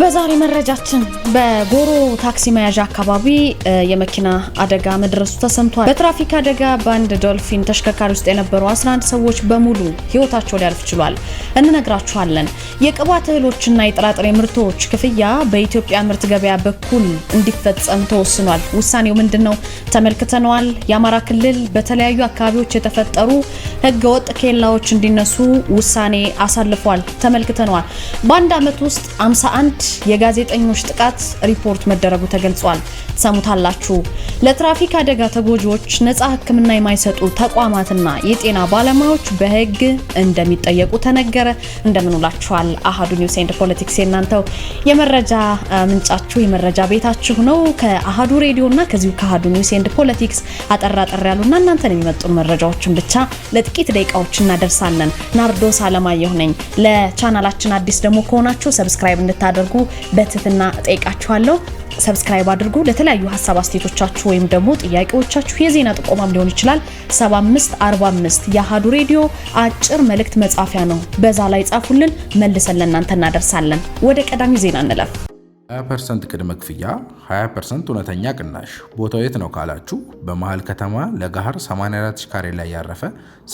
በዛሬ መረጃችን በጎሮ ታክሲ መያዣ አካባቢ የመኪና አደጋ መድረሱ ተሰምቷል። በትራፊክ አደጋ በአንድ ዶልፊን ተሽከርካሪ ውስጥ የነበሩ 11 ሰዎች በሙሉ ሕይወታቸው ሊያልፍ ችሏል። እንነግራችኋለን። የቅባት እህሎችና የጥራጥሬ ምርቶች ክፍያ በኢትዮጵያ ምርት ገበያ በኩል እንዲፈጸም ተወስኗል። ውሳኔው ምንድን ነው? ተመልክተነዋል። የአማራ ክልል በተለያዩ አካባቢዎች የተፈጠሩ ህገወጥ ኬላዎች እንዲነሱ ውሳኔ አሳልፏል። ተመልክተነዋል። በአንድ ዓመት ውስጥ 51 የጋዜጠኞች ጥቃት ሪፖርት መደረጉ ተገልጿል። ትሰሙታላችሁ። ለትራፊክ አደጋ ተጎጂዎች ነጻ ሕክምና የማይሰጡ ተቋማትና የጤና ባለሙያዎች በህግ እንደሚጠየቁ ተነገረ። እንደምንውላችኋል። አሀዱ ኒውስ ኤንድ ፖለቲክስ የእናንተው የመረጃ ምንጫችሁ የመረጃ ቤታችሁ ነው። ከአሀዱ ሬዲዮና ከዚሁ ከአሀዱ ኒውስ ኤንድ ፖለቲክስ አጠር አጠር ያሉና እናንተን የሚመጡ መረጃዎችን ብቻ ለጥቂት ደቂቃዎች እናደርሳለን። ናርዶስ አለማየሁ ነኝ። ለቻናላችን አዲስ ደግሞ ከሆናችሁ ሰብስክራይብ እንድታደርጉ በትህትና ጠይቃችኋለሁ። ሰብስክራይብ አድርጉ። ለተለያዩ ሀሳብ አስተያየቶቻችሁ ወይም ደግሞ ጥያቄዎቻችሁ የዜና ጥቆማም ሊሆን ይችላል 7545 የአሃዱ ሬዲዮ አጭር መልእክት መጻፊያ ነው። በዛ ላይ ጻፉልን፣ መልሰን ለእናንተ እናደርሳለን። ወደ ቀዳሚ ዜና እንለፍ። 20% ቅድመ ክፍያ 20% እውነተኛ ቅናሽ። ቦታው የት ነው ካላችሁ በመሀል ከተማ ለጋህር 84 ካሬ ላይ ያረፈ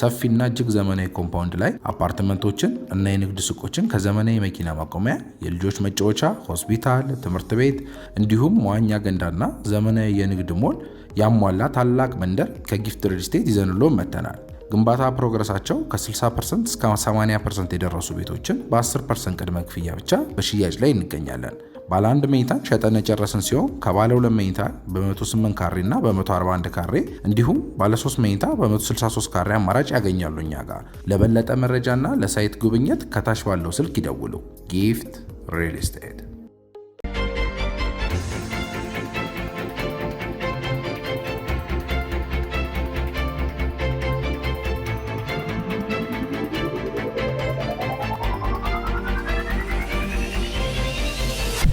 ሰፊና እጅግ ዘመናዊ ኮምፓውንድ ላይ አፓርትመንቶችን እና የንግድ ሱቆችን ከዘመናዊ መኪና ማቆሚያ፣ የልጆች መጫወቻ፣ ሆስፒታል፣ ትምህርት ቤት እንዲሁም መዋኛ ገንዳና ዘመናዊ የንግድ ሞል ያሟላ ታላቅ መንደር ከጊፍት ሪል ስቴት ይዘንሎ መተናል። ግንባታ ፕሮግረሳቸው ከ60% እስከ 80% የደረሱ ቤቶችን በ10% ቅድመ ክፍያ ብቻ በሽያጭ ላይ እንገኛለን። ባለ አንድ መኝታ ሸጠን የጨረስን ሲሆን ከባለ ሁለት መኝታ በ108 ካሬ እና በ141 ካሬ እንዲሁም ባለ 3 መኝታ በ163 ካሬ አማራጭ ያገኛሉ እኛ ጋር። ለበለጠ መረጃና ለሳይት ጉብኝት ከታች ባለው ስልክ ይደውሉ። ጊፍት ሪል ስቴት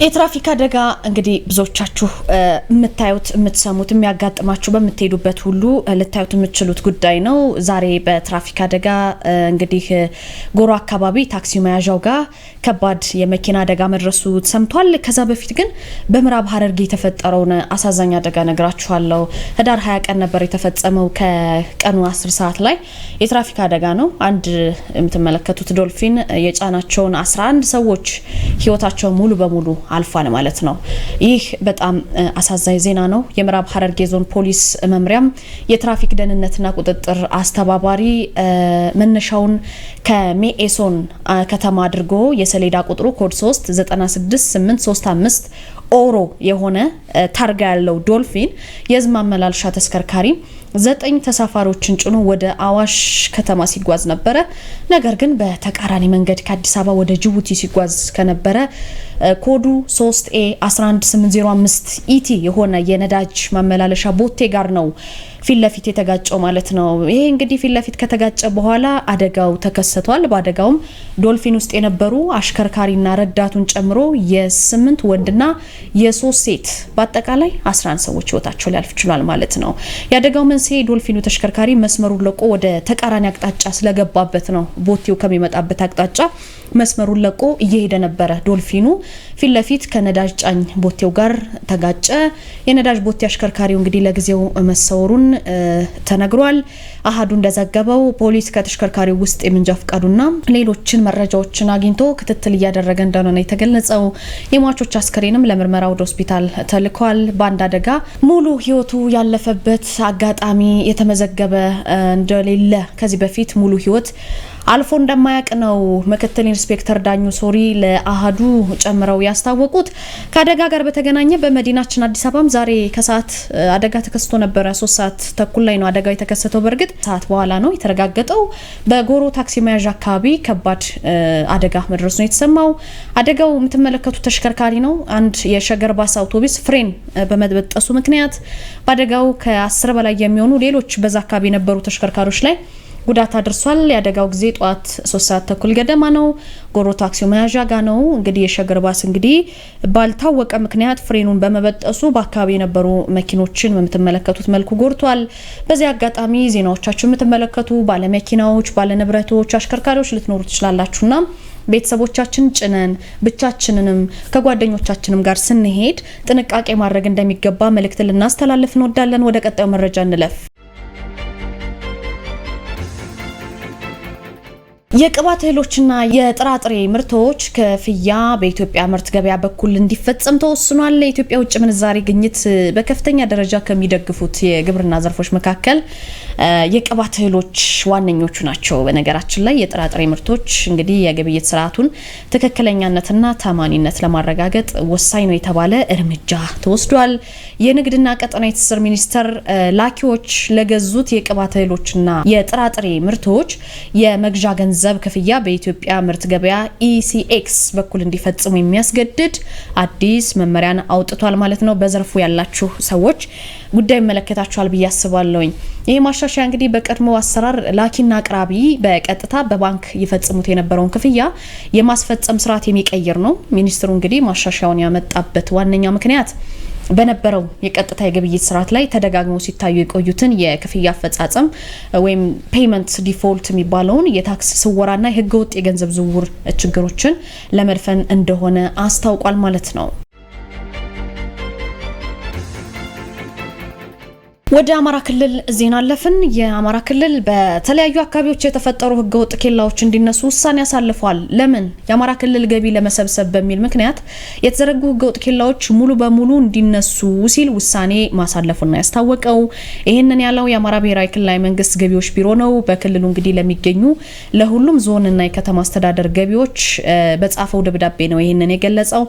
የትራፊክ አደጋ እንግዲህ ብዙዎቻችሁ የምታዩት የምትሰሙት የሚያጋጥማችሁ በምትሄዱበት ሁሉ ልታዩት የምትችሉት ጉዳይ ነው። ዛሬ በትራፊክ አደጋ እንግዲህ ጎሮ አካባቢ ታክሲ መያዣው ጋር ከባድ የመኪና አደጋ መድረሱ ሰምቷል። ከዛ በፊት ግን በምዕራብ ሐረርጌ የተፈጠረውን አሳዛኝ አደጋ ነግራችኋለሁ። ህዳር 20 ቀን ነበር የተፈጸመው። ከቀኑ 10 ሰዓት ላይ የትራፊክ አደጋ ነው። አንድ የምትመለከቱት ዶልፊን የጫናቸውን 11 ሰዎች ህይወታቸውን ሙሉ በሙሉ አልፏል ማለት ነው። ይህ በጣም አሳዛኝ ዜና ነው። የምዕራብ ሐረርጌ ዞን ፖሊስ መምሪያም የትራፊክ ደህንነትና ቁጥጥር አስተባባሪ መነሻውን ከሜኤሶን ከተማ አድርጎ የሰሌዳ ቁጥሩ ኮድ 3 96835 ኦሮ የሆነ ታርጋ ያለው ዶልፊን የህዝብ ማመላለሻ ተሽከርካሪ ዘጠኝ ተሳፋሪዎችን ጭኖ ወደ አዋሽ ከተማ ሲጓዝ ነበረ። ነገር ግን በተቃራኒ መንገድ ከአዲስ አበባ ወደ ጅቡቲ ሲጓዝ ከነበረ ኮዱ 3 ኤ 11805 ኢቲ የሆነ የነዳጅ ማመላለሻ ቦቴ ጋር ነው ፊት ለፊት የተጋጨው ማለት ነው። ይሄ እንግዲህ ፊት ለፊት ከተጋጨ በኋላ አደጋው ተከሰቷል። በአደጋውም ዶልፊን ውስጥ የነበሩ አሽከርካሪና ረዳቱን ጨምሮ የስምንት ወንድና የሶስት ሴት በአጠቃላይ 11 ሰዎች ህይወታቸው ሊያልፍ ችሏል ማለት ነው። የአደጋው መንስኤ ዶልፊኑ ተሽከርካሪ መስመሩን ለቆ ወደ ተቃራኒ አቅጣጫ ስለገባበት ነው። ቦቴው ከሚመጣበት አቅጣጫ መስመሩን ለቆ እየሄደ ነበረ ዶልፊኑ ፊት ለፊት ከነዳጅ ጫኝ ቦቴው ጋር ተጋጨ። የነዳጅ ቦቴ አሽከርካሪው እንግዲህ ለጊዜው መሰወሩን ተነግሯል። አሃዱ እንደዘገበው ፖሊስ ከተሽከርካሪው ውስጥ የመንጃ ፈቃዱና ሌሎችን መረጃዎችን አግኝቶ ክትትል እያደረገ እንደሆነ የተገለጸው የሟቾች አስከሬንም ለምርመራ ወደ ሆስፒታል ተልኳል። በአንድ አደጋ ሙሉ ህይወቱ ያለፈበት አጋጣሚ የተመዘገበ እንደሌለ ከዚህ በፊት ሙሉ ህይወት አልፎ እንደማያውቅ ነው ምክትል ኢንስፔክተር ዳኙ ሶሪ ለአሃዱ ጨምረው ያስታወቁት። ከአደጋ ጋር በተገናኘ በመዲናችን አዲስ አበባም ዛሬ ከሰዓት አደጋ ተከስቶ ነበረ። ሶስት ሰዓት ተኩል ላይ ነው አደጋው የተከሰተው። በእርግጥ ሰዓት በኋላ ነው የተረጋገጠው። በጎሮ ታክሲ መያዣ አካባቢ ከባድ አደጋ መድረሱ ነው የተሰማው። አደጋው የምትመለከቱ ተሽከርካሪ ነው። አንድ የሸገር ባስ አውቶቡስ ፍሬን በመበጠሱ ምክንያት በአደጋው ከአስር በላይ የሚሆኑ ሌሎች በዛ አካባቢ የነበሩ ተሽከርካሪዎች ላይ ጉዳት አድርሷል። የአደጋው ጊዜ ጠዋት ሶስት ሰዓት ተኩል ገደማ ነው። ጎሮ ታክሲው መያዣ ጋ ነው። እንግዲህ የሸገር ባስ እንግዲህ ባልታወቀ ምክንያት ፍሬኑን በመበጠሱ በአካባቢ የነበሩ መኪኖችን በምትመለከቱት መልኩ ጎርቷል። በዚህ አጋጣሚ ዜናዎቻችሁ የምትመለከቱ ባለመኪናዎች፣ ባለንብረቶች፣ አሽከርካሪዎች ልትኖሩ ትችላላችሁና ቤተሰቦቻችን ጭነን ብቻችንንም ከጓደኞቻችንም ጋር ስንሄድ ጥንቃቄ ማድረግ እንደሚገባ መልእክት ልናስተላልፍ እንወዳለን። ወደ ቀጣዩ መረጃ እንለፍ። የቅባት እህሎችና የጥራጥሬ ምርቶች ክፍያ በኢትዮጵያ ምርት ገበያ በኩል እንዲፈጸም ተወስኗል። ለኢትዮጵያ ውጭ ምንዛሬ ግኝት በከፍተኛ ደረጃ ከሚደግፉት የግብርና ዘርፎች መካከል የቅባት እህሎች ዋነኞቹ ናቸው። በነገራችን ላይ የጥራጥሬ ምርቶች እንግዲህ የግብይት ስርዓቱን ትክክለኛነትና ታማኒነት ለማረጋገጥ ወሳኝ ነው የተባለ እርምጃ ተወስዷል። የንግድና ቀጠና ትስስር ሚኒስቴር ላኪዎች ለገዙት የቅባት እህሎችና የጥራጥሬ ምርቶች የመግዣ ገንዘብ የገንዘብ ክፍያ በኢትዮጵያ ምርት ገበያ ኢሲኤክስ e በኩል እንዲፈጽሙ የሚያስገድድ አዲስ መመሪያን አውጥቷል ማለት ነው። በዘርፉ ያላችሁ ሰዎች ጉዳይ ይመለከታችኋል ብዬ አስባለሁኝ። ይህ ማሻሻያ እንግዲህ በቀድሞ አሰራር ላኪና አቅራቢ በቀጥታ በባንክ ይፈጽሙት የነበረውን ክፍያ የማስፈጸም ስርዓት የሚቀይር ነው። ሚኒስትሩ እንግዲህ ማሻሻያውን ያመጣበት ዋነኛ ምክንያት በነበረው የቀጥታ የግብይት ስርዓት ላይ ተደጋግሞ ሲታዩ የቆዩትን የክፍያ አፈጻጸም ወይም ፔመንት ዲፎልት የሚባለውን የታክስ ስወራና የህገወጥ የገንዘብ ዝውውር ችግሮችን ለመድፈን እንደሆነ አስታውቋል ማለት ነው። ወደ አማራ ክልል ዜና አለፍን። የአማራ ክልል በተለያዩ አካባቢዎች የተፈጠሩ ህገወጥ ኬላዎች እንዲነሱ ውሳኔ አሳልፏል። ለምን? የአማራ ክልል ገቢ ለመሰብሰብ በሚል ምክንያት የተዘረጉ ህገወጥ ኬላዎች ሙሉ በሙሉ እንዲነሱ ሲል ውሳኔ ማሳለፉና ያስታወቀው ይህንን ያለው የአማራ ብሔራዊ ክልላዊ መንግስት ገቢዎች ቢሮ ነው። በክልሉ እንግዲህ ለሚገኙ ለሁሉም ዞንና የከተማ አስተዳደር ገቢዎች በጻፈው ደብዳቤ ነው ይህንን የገለጸው።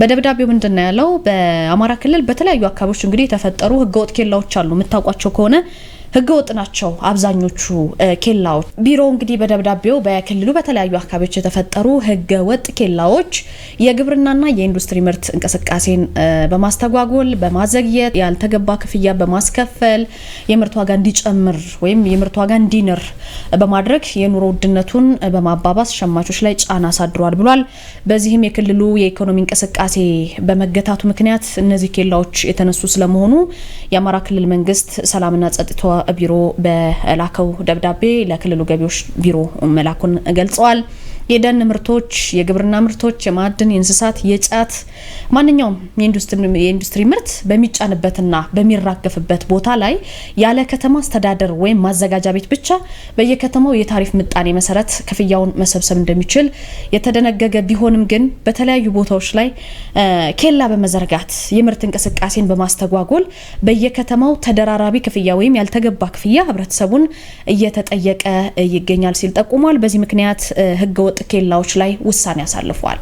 በደብዳቤው ምንድን ነው ያለው? በአማራ ክልል በተለያዩ አካባቢዎች እንግዲህ የተፈጠሩ ህገወጥ ኬላዎች አሉ። የምታውቋቸው ከሆነ ህገወጥ ናቸው አብዛኞቹ ኬላዎች። ቢሮው እንግዲህ በደብዳቤው በክልሉ በተለያዩ አካባቢዎች የተፈጠሩ ህገወጥ ኬላዎች የግብርናና የኢንዱስትሪ ምርት እንቅስቃሴን በማስተጓጎል በማዘግየት ያልተገባ ክፍያ በማስከፈል የምርት ዋጋ እንዲጨምር ወይም የምርት ዋጋ እንዲንር በማድረግ የኑሮ ውድነቱን በማባባስ ሸማቾች ላይ ጫና አሳድሯል ብሏል። በዚህም የክልሉ የኢኮኖሚ እንቅስቃሴ በመገታቱ ምክንያት እነዚህ ኬላዎች የተነሱ ስለመሆኑ የአማራ ክልል መንግስት ሰላምና ጸጥታ ቢሮ በላከው ደብዳቤ ለክልሉ ገቢዎች ቢሮ መላኩን ገልጸዋል። የደን ምርቶች፣ የግብርና ምርቶች፣ የማዕድን፣ የእንስሳት፣ የጫት ማንኛውም የኢንዱስትሪ ምርት በሚጫንበትና በሚራገፍበት ቦታ ላይ ያለ ከተማ አስተዳደር ወይም ማዘጋጃ ቤት ብቻ በየከተማው የታሪፍ ምጣኔ መሰረት ክፍያውን መሰብሰብ እንደሚችል የተደነገገ ቢሆንም ግን በተለያዩ ቦታዎች ላይ ኬላ በመዘርጋት የምርት እንቅስቃሴን በማስተጓጎል በየከተማው ተደራራቢ ክፍያ ወይም ያልተገባ ክፍያ ህብረተሰቡን እየተጠየቀ ይገኛል ሲል ጠቁሟል። በዚህ ምክንያት ህገወጥ ወጥ ኬላዎች ላይ ውሳኔ አሳልፏል።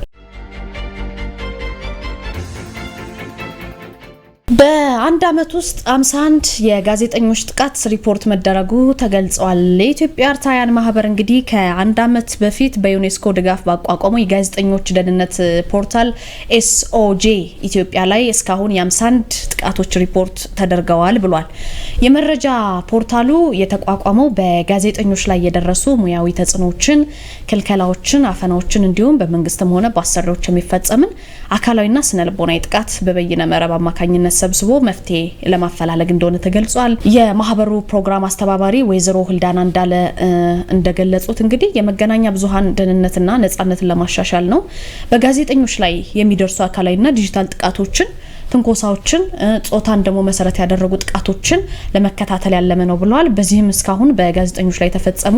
በአንድ ዓመት ውስጥ 51 የጋዜጠኞች ጥቃት ሪፖርት መደረጉ ተገልጿል። የኢትዮጵያ አርታያን ማህበር እንግዲህ ከአንድ ዓመት በፊት በዩኔስኮ ድጋፍ ባቋቋመው የጋዜጠኞች ደህንነት ፖርታል ኤስኦጄ ኢትዮጵያ ላይ እስካሁን የ51 ጥቃቶች ሪፖርት ተደርገዋል ብሏል። የመረጃ ፖርታሉ የተቋቋመው በጋዜጠኞች ላይ የደረሱ ሙያዊ ተጽዕኖዎችን፣ ክልከላዎችን፣ አፈናዎችን እንዲሁም በመንግስትም ሆነ በአሰሪዎች የሚፈጸምን አካላዊና ስነልቦናዊ ጥቃት በበይነ መረብ አማካኝነት ተሰብስቦ መፍትሄ ለማፈላለግ እንደሆነ ተገልጿል። የማህበሩ ፕሮግራም አስተባባሪ ወይዘሮ ህልዳና እንዳለ እንደገለጹት እንግዲህ የመገናኛ ብዙሀን ደህንነትና ነጻነትን ለማሻሻል ነው። በጋዜጠኞች ላይ የሚደርሱ አካላዊና ዲጂታል ጥቃቶችን ትንኮሳዎችን ጾታን ደግሞ መሰረት ያደረጉ ጥቃቶችን ለመከታተል ያለመ ነው ብለዋል። በዚህም እስካሁን በጋዜጠኞች ላይ የተፈጸሙ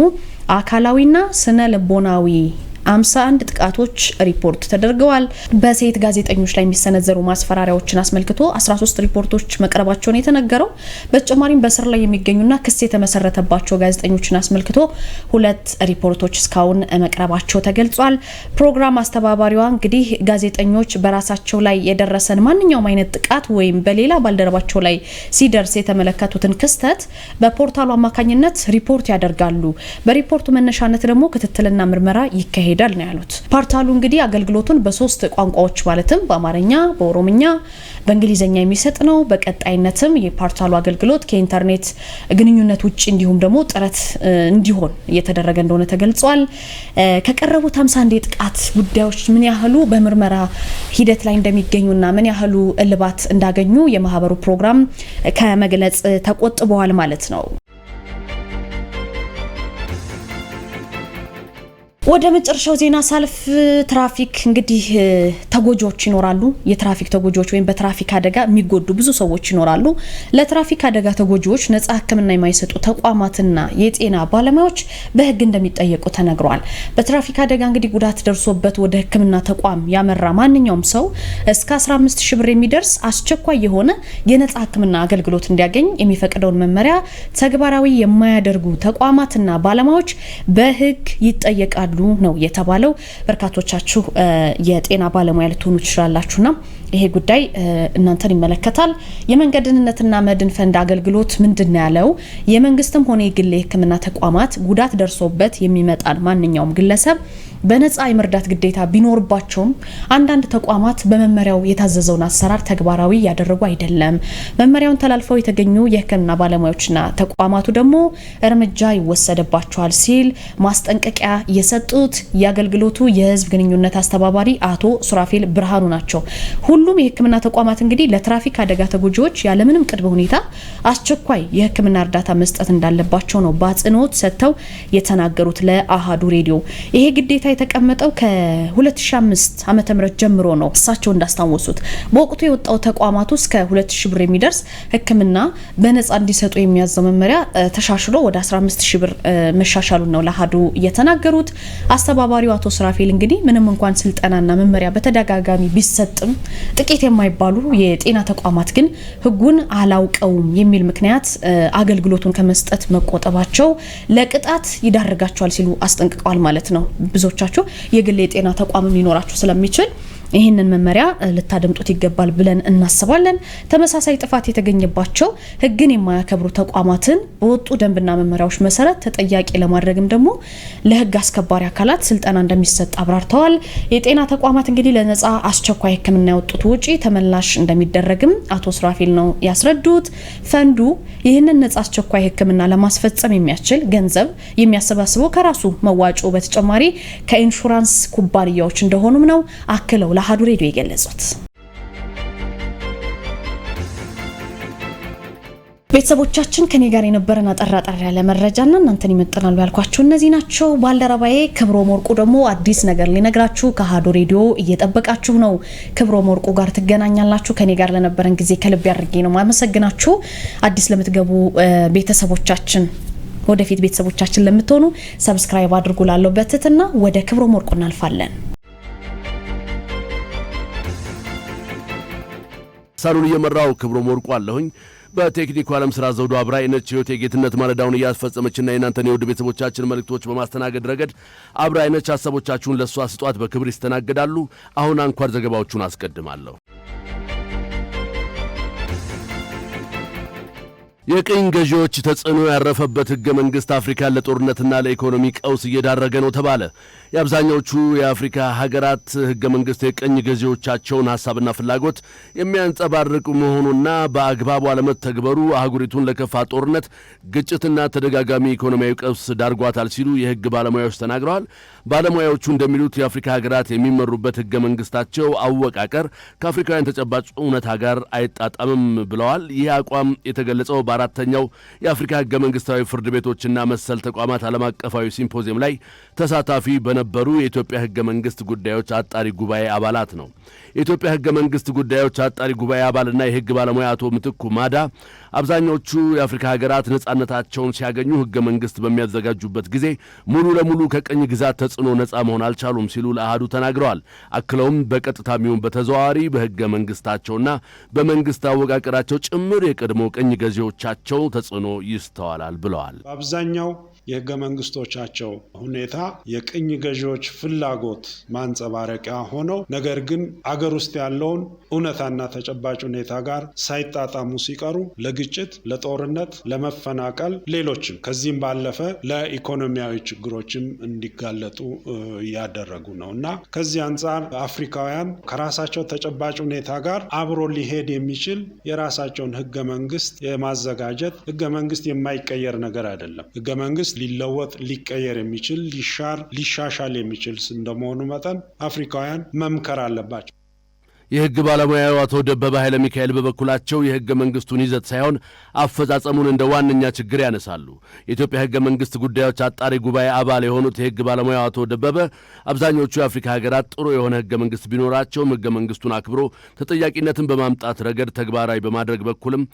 አካላዊና ስነ ልቦናዊ 51 ጥቃቶች ሪፖርት ተደርገዋል። በሴት ጋዜጠኞች ላይ የሚሰነዘሩ ማስፈራሪያዎችን አስመልክቶ 13 ሪፖርቶች መቅረባቸውን የተነገረው በተጨማሪም በስር ላይ የሚገኙና ክስ የተመሰረተባቸው ጋዜጠኞችን አስመልክቶ ሁለት ሪፖርቶች እስካሁን መቅረባቸው ተገልጿል። ፕሮግራም አስተባባሪዋ እንግዲህ ጋዜጠኞች በራሳቸው ላይ የደረሰን ማንኛውም አይነት ጥቃት ወይም በሌላ ባልደረባቸው ላይ ሲደርስ የተመለከቱትን ክስተት በፖርታሉ አማካኝነት ሪፖርት ያደርጋሉ። በሪፖርቱ መነሻነት ደግሞ ክትትልና ምርመራ ይካሄዳል ይካሄዳል ነው ያሉት። ፖርታሉ እንግዲህ አገልግሎቱን በሶስት ቋንቋዎች ማለትም በአማርኛ፣ በኦሮምኛ፣ በእንግሊዝኛ የሚሰጥ ነው። በቀጣይነትም የፖርታሉ አገልግሎት ከኢንተርኔት ግንኙነት ውጭ እንዲሁም ደግሞ ጥረት እንዲሆን እየተደረገ እንደሆነ ተገልጿል። ከቀረቡት 51 የጥቃት ጉዳዮች ምን ያህሉ በምርመራ ሂደት ላይ እንደሚገኙና ምን ያህሉ እልባት እንዳገኙ የማህበሩ ፕሮግራም ከመግለጽ ተቆጥበዋል ማለት ነው። ወደ መጨረሻው ዜና ሳልፍ ትራፊክ እንግዲህ ተጎጂዎች ይኖራሉ። የትራፊክ ተጎጂዎች ወይም በትራፊክ አደጋ የሚጎዱ ብዙ ሰዎች ይኖራሉ። ለትራፊክ አደጋ ተጎጂዎች ነጻ ሕክምና የማይሰጡ ተቋማትና የጤና ባለሙያዎች በሕግ እንደሚጠየቁ ተነግሯል። በትራፊክ አደጋ እንግዲህ ጉዳት ደርሶበት ወደ ሕክምና ተቋም ያመራ ማንኛውም ሰው እስከ 15 ሺ ብር የሚደርስ አስቸኳይ የሆነ የነጻ ሕክምና አገልግሎት እንዲያገኝ የሚፈቅደውን መመሪያ ተግባራዊ የማያደርጉ ተቋማትና ባለሙያዎች በሕግ ይጠየቃሉ ይችላሉ ነው የተባለው። በርካቶቻችሁ የጤና ባለሙያ ልትሆኑ ትችላላችሁና ይሄ ጉዳይ እናንተን ይመለከታል። የመንገድ ደህንነትና መድን ፈንድ አገልግሎት ምንድን ያለው? የመንግስትም ሆነ የግል የህክምና ተቋማት ጉዳት ደርሶበት የሚመጣን ማንኛውም ግለሰብ በነፃ የመርዳት ግዴታ ቢኖርባቸውም አንዳንድ ተቋማት በመመሪያው የታዘዘውን አሰራር ተግባራዊ እያደረጉ አይደለም። መመሪያውን ተላልፈው የተገኙ የህክምና ባለሙያዎችና ተቋማቱ ደግሞ እርምጃ ይወሰድባቸዋል ሲል ማስጠንቀቂያ የሰጡት የአገልግሎቱ የህዝብ ግንኙነት አስተባባሪ አቶ ሱራፌል ብርሃኑ ናቸው። ሁሉም የህክምና ተቋማት እንግዲህ ለትራፊክ አደጋ ተጎጂዎች ያለምንም ቅድመ ሁኔታ አስቸኳይ የህክምና እርዳታ መስጠት እንዳለባቸው ነው በአጽንኦት ሰጥተው የተናገሩት ለአሃዱ ሬዲዮ። ይሄ ግዴታ የተቀመጠው ከ2005 ዓ.ም ጀምሮ ነው። እሳቸው እንዳስታወሱት በወቅቱ የወጣው ተቋማት ውስጥ ከ2000 ብር የሚደርስ ህክምና በነጻ እንዲሰጡ የሚያዘው መመሪያ ተሻሽሎ ወደ 15000 ብር መሻሻሉ ነው ለአሃዱ የተናገሩት። አስተባባሪው አቶ ስራፌል እንግዲህ ምንም እንኳን ስልጠናና መመሪያ በተደጋጋሚ ቢሰጥም ጥቂት የማይባሉ የጤና ተቋማት ግን ህጉን አላውቀውም የሚል ምክንያት አገልግሎቱን ከመስጠት መቆጠባቸው ለቅጣት ይዳርጋቸዋል ሲሉ አስጠንቅቀዋል ማለት ነው። ብዙዎቻችሁ የግል የጤና ተቋምም ሊኖራችሁ ስለሚችል ይህንን መመሪያ ልታደምጡት ይገባል ብለን እናስባለን። ተመሳሳይ ጥፋት የተገኘባቸው ህግን የማያከብሩ ተቋማትን በወጡ ደንብና መመሪያዎች መሰረት ተጠያቂ ለማድረግም ደግሞ ለህግ አስከባሪ አካላት ስልጠና እንደሚሰጥ አብራርተዋል። የጤና ተቋማት እንግዲህ ለነጻ አስቸኳይ ህክምና ያወጡት ውጪ ተመላሽ እንደሚደረግም አቶ ስራፊል ነው ያስረዱት። ፈንዱ ይህንን ነጻ አስቸኳይ ህክምና ለማስፈጸም የሚያስችል ገንዘብ የሚያሰባስበው ከራሱ መዋጮ በተጨማሪ ከኢንሹራንስ ኩባንያዎች እንደሆኑም ነው አክለው ለአሀዱ ሬዲዮ የገለጹት። ቤተሰቦቻችን ከኔ ጋር የነበረን አጠር አጠር ያለ ና እናንተን ይመጥናሉ ያልኳቸው እነዚህ ናቸው። ባልደረባዬ ክብሮም ወርቁ ደግሞ አዲስ ነገር ሊነግራችሁ ከአሀዱ ሬዲዮ እየጠበቃችሁ ነው። ክብሮም ወርቁ ጋር ትገናኛላችሁ። ከኔ ጋር ለነበረን ጊዜ ከልብ ያድርጌ ነው አመሰግናችሁ። አዲስ ለምትገቡ ቤተሰቦቻችን ወደፊት ቤተሰቦቻችን ለምትሆኑ ሰብስክራይብ አድርጉ። ላለው በትትና ወደ ክብሮም ወርቁ እናልፋለን። ሳሉን እየመራው ክብሮም ወርቁ አለሁኝ። በቴክኒኩ ዓለም ስራ ዘውዶ አብራ ነች። ህይወት የጌትነት ማለዳውን እያስፈጸመችና የእናንተን የውድ ቤተሰቦቻችን መልእክቶች በማስተናገድ ረገድ አብራ ነች። ሀሳቦቻችሁን ለእሷ ስጧት፣ በክብር ይስተናገዳሉ። አሁን አንኳር ዘገባዎቹን አስቀድማለሁ። የቅኝ ገዢዎች ተጽዕኖ ያረፈበት ሕገ መንግሥት አፍሪካን ለጦርነትና ለኢኮኖሚ ቀውስ እየዳረገ ነው ተባለ። የአብዛኛዎቹ የአፍሪካ ሀገራት ሕገ መንግሥት የቅኝ ገዢዎቻቸውን ሐሳብና ፍላጎት የሚያንጸባርቅ መሆኑና በአግባቡ አለመተግበሩ አህጉሪቱን ለከፋ ጦርነት፣ ግጭትና ተደጋጋሚ ኢኮኖሚያዊ ቀውስ ዳርጓታል ሲሉ የሕግ ባለሙያዎች ተናግረዋል። ባለሙያዎቹ እንደሚሉት የአፍሪካ ሀገራት የሚመሩበት ህገ መንግስታቸው አወቃቀር ከአፍሪካውያን ተጨባጭ እውነታ ጋር አይጣጣምም ብለዋል። ይህ አቋም የተገለጸው በአራተኛው የአፍሪካ ህገ መንግስታዊ ፍርድ ቤቶችና መሰል ተቋማት ዓለም አቀፋዊ ሲምፖዚየም ላይ ተሳታፊ በነበሩ የኢትዮጵያ ህገ መንግስት ጉዳዮች አጣሪ ጉባኤ አባላት ነው። የኢትዮጵያ ህገ መንግስት ጉዳዮች አጣሪ ጉባኤ አባልና የህግ ባለሙያ አቶ ምትኩ ማዳ አብዛኞቹ የአፍሪካ ሀገራት ነጻነታቸውን ሲያገኙ ህገ መንግስት በሚያዘጋጁበት ጊዜ ሙሉ ለሙሉ ከቅኝ ግዛት ተጽዕኖ ነጻ መሆን አልቻሉም ሲሉ ለአህዱ ተናግረዋል። አክለውም በቀጥታ የሚሆን በተዘዋዋሪ በሕገ መንግሥታቸውና በመንግሥት አወቃቀራቸው ጭምር የቀድሞ ቅኝ ገዢዎቻቸው ተጽዕኖ ይስተዋላል ብለዋል። በአብዛኛው የህገ መንግስቶቻቸው ሁኔታ የቅኝ ገዢዎች ፍላጎት ማንጸባረቂያ ሆነው ነገር ግን አገር ውስጥ ያለውን እውነታና ተጨባጭ ሁኔታ ጋር ሳይጣጣሙ ሲቀሩ ለግጭት፣ ለጦርነት፣ ለመፈናቀል፣ ሌሎችም ከዚህም ባለፈ ለኢኮኖሚያዊ ችግሮችም እንዲጋለጡ እያደረጉ ነው እና ከዚህ አንጻር አፍሪካውያን ከራሳቸው ተጨባጭ ሁኔታ ጋር አብሮ ሊሄድ የሚችል የራሳቸውን ህገ መንግስት የማዘጋጀት ህገ መንግስት የማይቀየር ነገር አይደለም። ህገ መንግስት ሊለወጥ ሊቀየር የሚችል ሊሻር ሊሻሻል የሚችል እንደመሆኑ መጠን አፍሪካውያን መምከር አለባቸው። የህግ ባለሙያው አቶ ደበበ ኃይለ ሚካኤል በበኩላቸው የህገ መንግስቱን ይዘት ሳይሆን አፈጻጸሙን እንደ ዋነኛ ችግር ያነሳሉ። የኢትዮጵያ ህገ መንግስት ጉዳዮች አጣሪ ጉባኤ አባል የሆኑት የህግ ባለሙያው አቶ ደበበ አብዛኞቹ የአፍሪካ ሀገራት ጥሩ የሆነ ህገ መንግስት ቢኖራቸውም ህገ መንግስቱን አክብሮ ተጠያቂነትን በማምጣት ረገድ ተግባራዊ በማድረግ በኩልም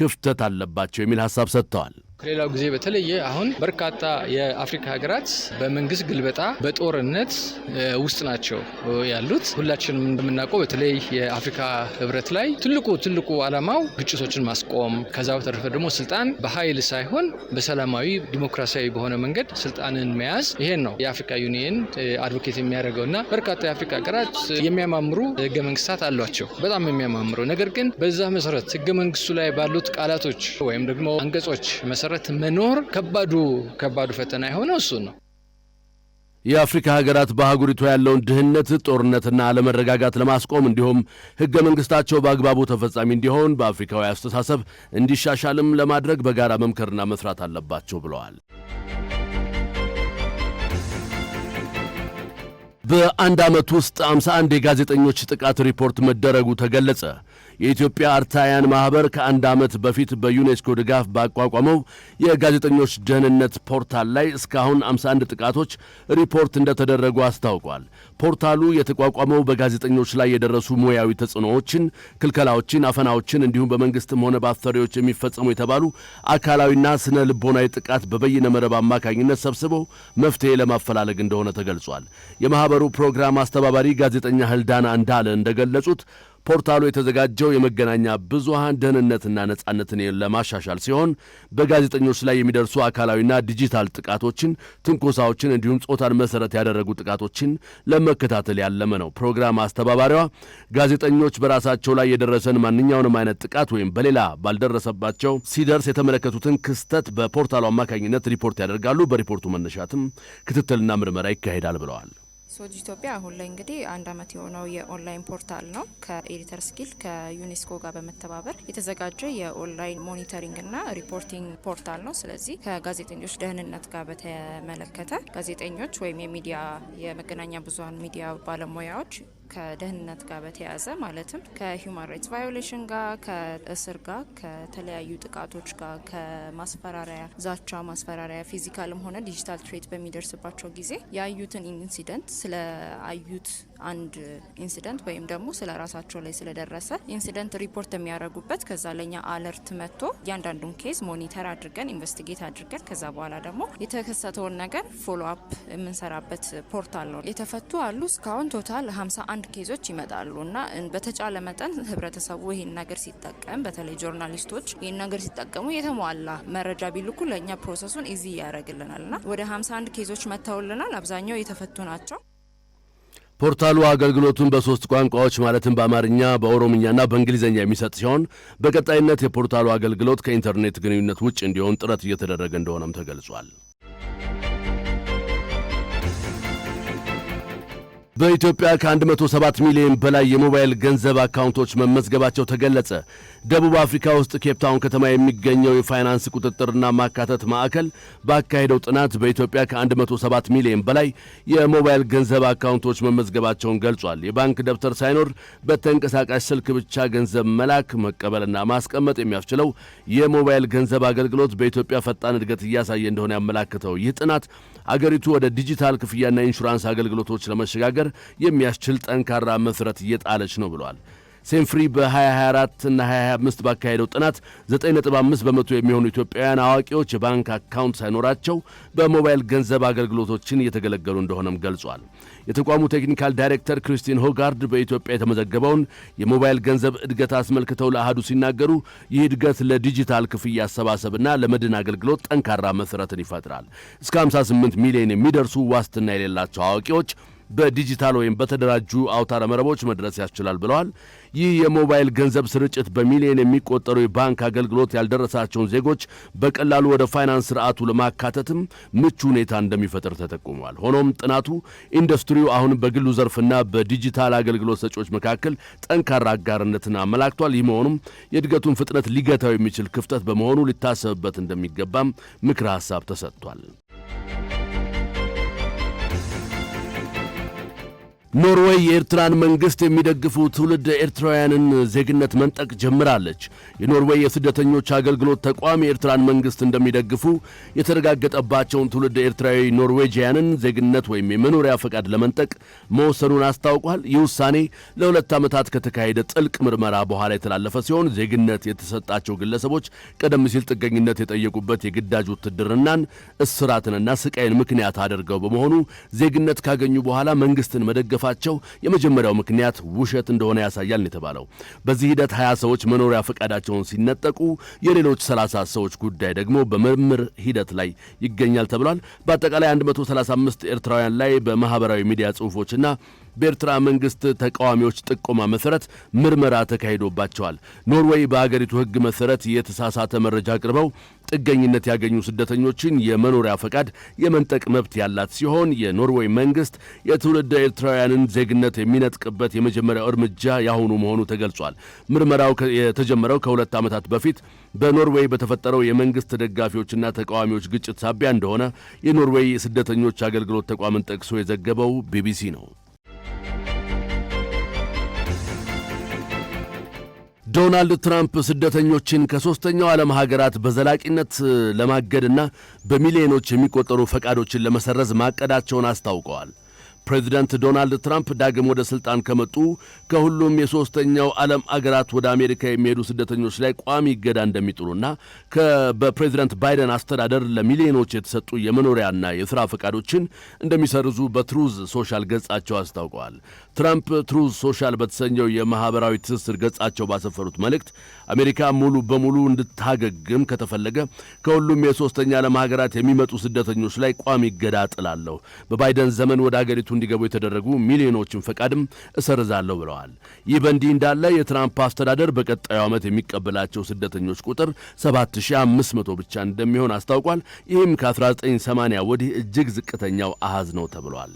ክፍተት አለባቸው የሚል ሀሳብ ሰጥተዋል። ከሌላው ጊዜ በተለየ አሁን በርካታ የአፍሪካ ሀገራት በመንግስት ግልበጣ በጦርነት ውስጥ ናቸው ያሉት። ሁላችንም እንደምናውቀው በተለይ የአፍሪካ ህብረት ላይ ትልቁ ትልቁ አላማው ግጭቶችን ማስቆም፣ ከዛ በተረፈ ደግሞ ስልጣን በኃይል ሳይሆን በሰላማዊ ዲሞክራሲያዊ በሆነ መንገድ ስልጣንን መያዝ ይሄን ነው የአፍሪካ ዩኒየን አድቮኬት የሚያደርገው እና በርካታ የአፍሪካ ሀገራት የሚያማምሩ ህገ መንግስታት አሏቸው፣ በጣም የሚያማምሩ ነገር ግን በዛ መሰረት ህገ መንግስቱ ላይ ባሉት ቃላቶች ወይም ደግሞ አንቀጾች መሰረት መኖር ከባዱ ከባዱ ፈተና የሆነው እሱ ነው። የአፍሪካ ሀገራት በአህጉሪቱ ያለውን ድህነት፣ ጦርነትና አለመረጋጋት ለማስቆም እንዲሁም ሕገ መንግሥታቸው በአግባቡ ተፈጻሚ እንዲሆን በአፍሪካዊ አስተሳሰብ እንዲሻሻልም ለማድረግ በጋራ መምከርና መስራት አለባቸው ብለዋል። በአንድ ዓመት ውስጥ 51 የጋዜጠኞች ጥቃት ሪፖርት መደረጉ ተገለጸ። የኢትዮጵያ አርታያን ማኅበር ከአንድ ዓመት በፊት በዩኔስኮ ድጋፍ ባቋቋመው የጋዜጠኞች ደህንነት ፖርታል ላይ እስካሁን 51 ጥቃቶች ሪፖርት እንደተደረጉ አስታውቋል። ፖርታሉ የተቋቋመው በጋዜጠኞች ላይ የደረሱ ሙያዊ ተጽዕኖዎችን፣ ክልከላዎችን፣ አፈናዎችን እንዲሁም በመንግሥትም ሆነ በአፈሪዎች የሚፈጸሙ የተባሉ አካላዊና ስነ ልቦናዊ ጥቃት በበይነ መረብ አማካኝነት ሰብስቦ መፍትሔ ለማፈላለግ እንደሆነ ተገልጿል። የማኅበሩ ፕሮግራም አስተባባሪ ጋዜጠኛ ህልዳና እንዳለ እንደገለጹት ፖርታሉ የተዘጋጀው የመገናኛ ብዙሃን ደህንነትና ነጻነትን ለማሻሻል ሲሆን በጋዜጠኞች ላይ የሚደርሱ አካላዊና ዲጂታል ጥቃቶችን፣ ትንኮሳዎችን እንዲሁም ጾታን መሰረት ያደረጉ ጥቃቶችን ለመከታተል ያለመ ነው። ፕሮግራም አስተባባሪዋ ጋዜጠኞች በራሳቸው ላይ የደረሰን ማንኛውንም አይነት ጥቃት ወይም በሌላ ባልደረሰባቸው ሲደርስ የተመለከቱትን ክስተት በፖርታሉ አማካኝነት ሪፖርት ያደርጋሉ። በሪፖርቱ መነሻትም ክትትልና ምርመራ ይካሄዳል ብለዋል። ሶጅ ኢትዮጵያ አሁን ላይ እንግዲህ አንድ አመት የሆነው የኦንላይን ፖርታል ነው። ከኤዲተር ስኪል ከዩኔስኮ ጋር በመተባበር የተዘጋጀ የኦንላይን ሞኒተሪንግና ሪፖርቲንግ ፖርታል ነው። ስለዚህ ከጋዜጠኞች ደህንነት ጋር በተመለከተ ጋዜጠኞች ወይም የሚዲያ የመገናኛ ብዙሀን ሚዲያ ባለሙያዎች ከደህንነት ጋር በተያያዘ ማለትም ከሂውማን ራይትስ ቫዮሌሽን ጋር፣ ከእስር ጋር፣ ከተለያዩ ጥቃቶች ጋር፣ ከማስፈራሪያ ዛቻ፣ ማስፈራሪያ ፊዚካልም ሆነ ዲጂታል ትሬት በሚደርስባቸው ጊዜ ያዩትን ኢንሲደንት ስለ አዩት አንድ ኢንሲደንት ወይም ደግሞ ስለ ራሳቸው ላይ ስለደረሰ ኢንሲደንት ሪፖርት የሚያደርጉበት ከዛ ለኛ አለርት መጥቶ እያንዳንዱን ኬዝ ሞኒተር አድርገን ኢንቨስቲጌት አድርገን ከዛ በኋላ ደግሞ የተከሰተውን ነገር ፎሎ አፕ የምንሰራበት ፖርታል ነው። የተፈቱ አሉ እስካሁን ቶታል 51 አንዳንድ ኬዞች ይመጣሉ እና በተቻለ መጠን ህብረተሰቡ ይህን ነገር ሲጠቀም፣ በተለይ ጆርናሊስቶች ይህን ነገር ሲጠቀሙ የተሟላ መረጃ ቢልኩ ለእኛ ፕሮሰሱን ኢዚ ያደረግልናል እና ወደ 51 ኬዞች መጥተውልናል። አብዛኛው የተፈቱ ናቸው። ፖርታሉ አገልግሎቱን በሶስት ቋንቋዎች ማለትም በአማርኛ፣ በኦሮምኛና በእንግሊዝኛ የሚሰጥ ሲሆን በቀጣይነት የፖርታሉ አገልግሎት ከኢንተርኔት ግንኙነት ውጭ እንዲሆን ጥረት እየተደረገ እንደሆነም ተገልጿል። በኢትዮጵያ ከ107 ሚሊዮን በላይ የሞባይል ገንዘብ አካውንቶች መመዝገባቸው ተገለጸ። ደቡብ አፍሪካ ውስጥ ኬፕታውን ከተማ የሚገኘው የፋይናንስ ቁጥጥርና ማካተት ማዕከል ባካሄደው ጥናት በኢትዮጵያ ከ107 ሚሊዮን በላይ የሞባይል ገንዘብ አካውንቶች መመዝገባቸውን ገልጿል። የባንክ ደብተር ሳይኖር በተንቀሳቃሽ ስልክ ብቻ ገንዘብ መላክ መቀበልና ማስቀመጥ የሚያስችለው የሞባይል ገንዘብ አገልግሎት በኢትዮጵያ ፈጣን እድገት እያሳየ እንደሆነ ያመላክተው ይህ ጥናት አገሪቱ ወደ ዲጂታል ክፍያና ኢንሹራንስ አገልግሎቶች ለመሸጋገር የሚያስችል ጠንካራ መሰረት እየጣለች ነው ብሏል። ሴንፍሪ በ2024 እና 2025 ባካሄደው ጥናት 9.5 በመቶ የሚሆኑ ኢትዮጵያውያን አዋቂዎች የባንክ አካውንት ሳይኖራቸው በሞባይል ገንዘብ አገልግሎቶችን እየተገለገሉ እንደሆነም ገልጿል። የተቋሙ ቴክኒካል ዳይሬክተር ክሪስቲን ሆጋርድ በኢትዮጵያ የተመዘገበውን የሞባይል ገንዘብ እድገት አስመልክተው ለአህዱ ሲናገሩ ይህ እድገት ለዲጂታል ክፍያ አሰባሰብና ለመድን አገልግሎት ጠንካራ መሠረትን ይፈጥራል። እስከ 58 ሚሊዮን የሚደርሱ ዋስትና የሌላቸው አዋቂዎች በዲጂታል ወይም በተደራጁ አውታረ መረቦች መድረስ ያስችላል ብለዋል። ይህ የሞባይል ገንዘብ ስርጭት በሚሊዮን የሚቆጠሩ የባንክ አገልግሎት ያልደረሳቸውን ዜጎች በቀላሉ ወደ ፋይናንስ ስርዓቱ ለማካተትም ምቹ ሁኔታ እንደሚፈጥር ተጠቁሟል። ሆኖም ጥናቱ ኢንዱስትሪው አሁን በግሉ ዘርፍና በዲጂታል አገልግሎት ሰጪዎች መካከል ጠንካራ አጋርነትን አመላክቷል። ይህ መሆኑም የእድገቱን ፍጥነት ሊገታው የሚችል ክፍተት በመሆኑ ሊታሰብበት እንደሚገባም ምክረ ሀሳብ ተሰጥቷል። ኖርዌይ የኤርትራን መንግሥት የሚደግፉ ትውልድ ኤርትራውያንን ዜግነት መንጠቅ ጀምራለች። የኖርዌይ የስደተኞች አገልግሎት ተቋም የኤርትራን መንግሥት እንደሚደግፉ የተረጋገጠባቸውን ትውልድ ኤርትራዊ ኖርዌጂያንን ዜግነት ወይም የመኖሪያ ፈቃድ ለመንጠቅ መወሰኑን አስታውቋል። ይህ ውሳኔ ለሁለት ዓመታት ከተካሄደ ጥልቅ ምርመራ በኋላ የተላለፈ ሲሆን ዜግነት የተሰጣቸው ግለሰቦች ቀደም ሲል ጥገኝነት የጠየቁበት የግዳጅ ውትድርናን እስራትንና ስቃይን ምክንያት አድርገው በመሆኑ ዜግነት ካገኙ በኋላ መንግሥትን መደገፍ መታለፋቸው የመጀመሪያው ምክንያት ውሸት እንደሆነ ያሳያል የተባለው። በዚህ ሂደት 20 ሰዎች መኖሪያ ፈቃዳቸውን ሲነጠቁ የሌሎች 30 ሰዎች ጉዳይ ደግሞ በምርምር ሂደት ላይ ይገኛል ተብሏል። በአጠቃላይ 135 ኤርትራውያን ላይ በማህበራዊ ሚዲያ ጽሁፎችና በኤርትራ መንግሥት ተቃዋሚዎች ጥቆማ መሠረት ምርመራ ተካሂዶባቸዋል። ኖርዌይ በአገሪቱ ሕግ መሠረት የተሳሳተ መረጃ አቅርበው ጥገኝነት ያገኙ ስደተኞችን የመኖሪያ ፈቃድ የመንጠቅ መብት ያላት ሲሆን የኖርዌይ መንግስት የትውልድ ኤርትራውያንን ዜግነት የሚነጥቅበት የመጀመሪያው እርምጃ ያሁኑ መሆኑ ተገልጿል። ምርመራው የተጀመረው ከሁለት ዓመታት በፊት በኖርዌይ በተፈጠረው የመንግስት ደጋፊዎችና ተቃዋሚዎች ግጭት ሳቢያ እንደሆነ የኖርዌይ ስደተኞች አገልግሎት ተቋምን ጠቅሶ የዘገበው ቢቢሲ ነው። ዶናልድ ትራምፕ ስደተኞችን ከሦስተኛው ዓለም ሀገራት በዘላቂነት ለማገድና በሚሊዮኖች የሚቆጠሩ ፈቃዶችን ለመሰረዝ ማቀዳቸውን አስታውቀዋል። ፕሬዚደንት ዶናልድ ትራምፕ ዳግም ወደ ሥልጣን ከመጡ ከሁሉም የሦስተኛው ዓለም አገራት ወደ አሜሪካ የሚሄዱ ስደተኞች ላይ ቋሚ እገዳ እንደሚጥሉና በፕሬዚደንት ባይደን አስተዳደር ለሚሊዮኖች የተሰጡ የመኖሪያና የሥራ ፈቃዶችን እንደሚሰርዙ በትሩዝ ሶሻል ገጻቸው አስታውቀዋል። ትራምፕ ትሩዝ ሶሻል በተሰኘው የማኅበራዊ ትስስር ገጻቸው ባሰፈሩት መልእክት አሜሪካ ሙሉ በሙሉ እንድታገግም ከተፈለገ ከሁሉም የሦስተኛ ዓለም ሀገራት የሚመጡ ስደተኞች ላይ ቋሚ እገዳ ጥላለሁ፣ በባይደን ዘመን ወደ አገሪቱ እንዲገቡ የተደረጉ ሚሊዮኖችን ፈቃድም እሰርዛለሁ ብለዋል። ይህ በእንዲህ እንዳለ የትራምፕ አስተዳደር በቀጣዩ ዓመት የሚቀበላቸው ስደተኞች ቁጥር 7500 ብቻ እንደሚሆን አስታውቋል። ይህም ከ1980 ወዲህ እጅግ ዝቅተኛው አሃዝ ነው ተብሏል።